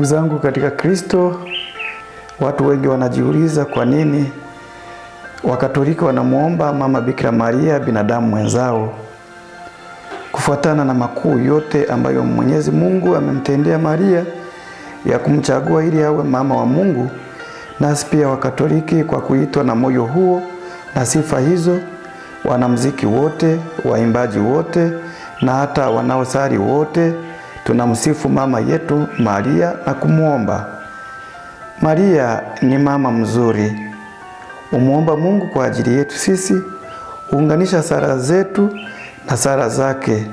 Ndugu zangu katika Kristo, watu wengi wanajiuliza kwa nini Wakatoliki wanamwomba Mama Bikira Maria, binadamu mwenzao, kufuatana na makuu yote ambayo Mwenyezi Mungu amemtendea Maria ya kumchagua ili awe mama wa Mungu. Nasi pia Wakatoliki kwa kuitwa na moyo huo na sifa hizo, wanamziki wote, waimbaji wote na hata wanaosali wote tunamsifu mama yetu Maria na kumwomba. Maria ni mama mzuri, umwomba Mungu kwa ajili yetu sisi, uunganisha sala zetu na sala zake.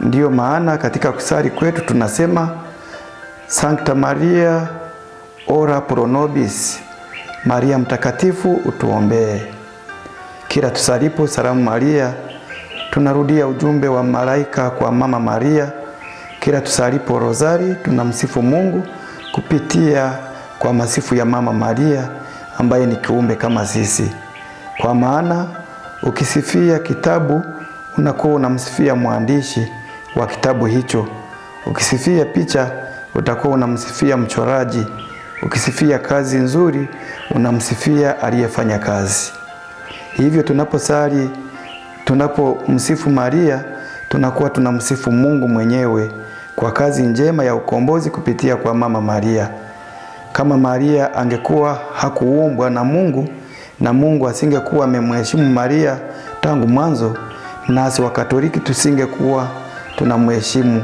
Ndiyo maana katika kusali kwetu tunasema Sancta Maria ora pro nobis, Maria mtakatifu utuombee. Kila tusalipo salamu Maria, tunarudia ujumbe wa malaika kwa mama Maria kila tusalipo rozari tunamsifu Mungu kupitia kwa masifu ya Mama Maria ambaye ni kiumbe kama sisi, kwa maana ukisifia kitabu unakuwa unamsifia mwandishi wa kitabu hicho. Ukisifia picha utakuwa unamsifia mchoraji. Ukisifia kazi nzuri unamsifia aliyefanya kazi. Hivyo tunaposali, tunapomsifu Maria, tunakuwa tunamsifu Mungu mwenyewe kwa kazi njema ya ukombozi kupitia kwa Mama Maria. Kama Maria angekuwa hakuumbwa na Mungu na Mungu asingekuwa amemheshimu Maria tangu mwanzo, nasi Wakatoliki tusingekuwa tunamheshimu.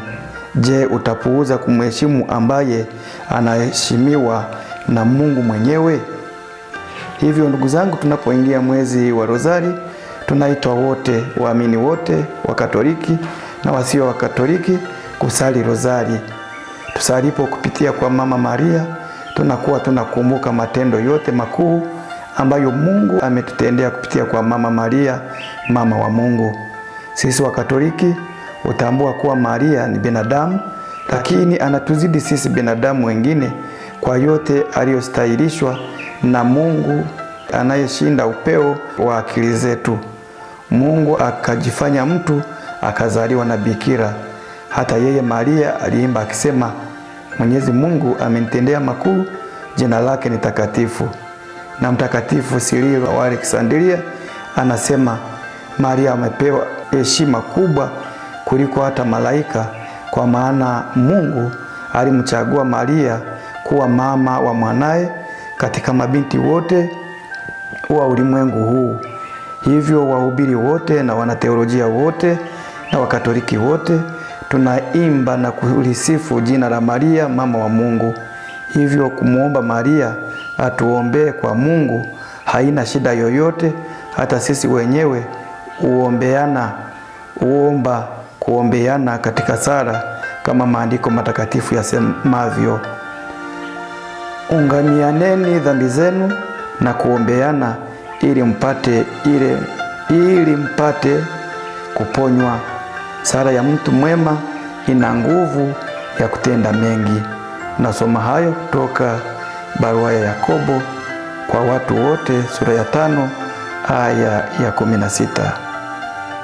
Je, utapuuza kumheshimu ambaye anaheshimiwa na Mungu mwenyewe? Hivyo ndugu zangu, tunapoingia mwezi wa Rozari, tunaitwa wote waamini wote, Wakatoliki na wasio Wakatoliki kusali rozari. Tusalipo kupitia kwa Mama Maria, tunakuwa tunakumbuka matendo yote makuu ambayo Mungu ametutendea kupitia kwa Mama Maria, mama wa Mungu. Sisi wa Katoliki utambua kuwa Maria ni binadamu, lakini anatuzidi sisi binadamu wengine kwa yote aliyostahilishwa na Mungu anayeshinda upeo wa akili zetu. Mungu akajifanya mtu akazaliwa na bikira. Hata yeye Maria aliimba akisema, Mwenyezi Mungu amenitendea makuu, jina lake ni takatifu. Na Mtakatifu Sirilo wa aleksandria anasema, Maria amepewa heshima kubwa kuliko hata malaika, kwa maana Mungu alimchagua Maria kuwa mama wa mwanaye katika mabinti wote wa ulimwengu huu. Hivyo wahubiri wote na wanateolojia wote na Wakatoliki wote tunaimba na kulisifu jina la Maria mama wa Mungu. Hivyo kumwomba Maria atuombee kwa Mungu haina shida yoyote. Hata sisi wenyewe uombeana uomba kuombeana katika sala kama maandiko matakatifu yasemavyo, unganianeni dhambi zenu na kuombeana ili mpate, ile ili mpate kuponywa. Sala ya mtu mwema ina nguvu ya kutenda mengi. Nasoma hayo kutoka barua ya Yakobo kwa watu wote sura ya tano aya ya kumi na sita.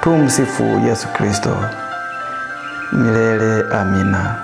Tumsifu Yesu Kristo milele. Amina.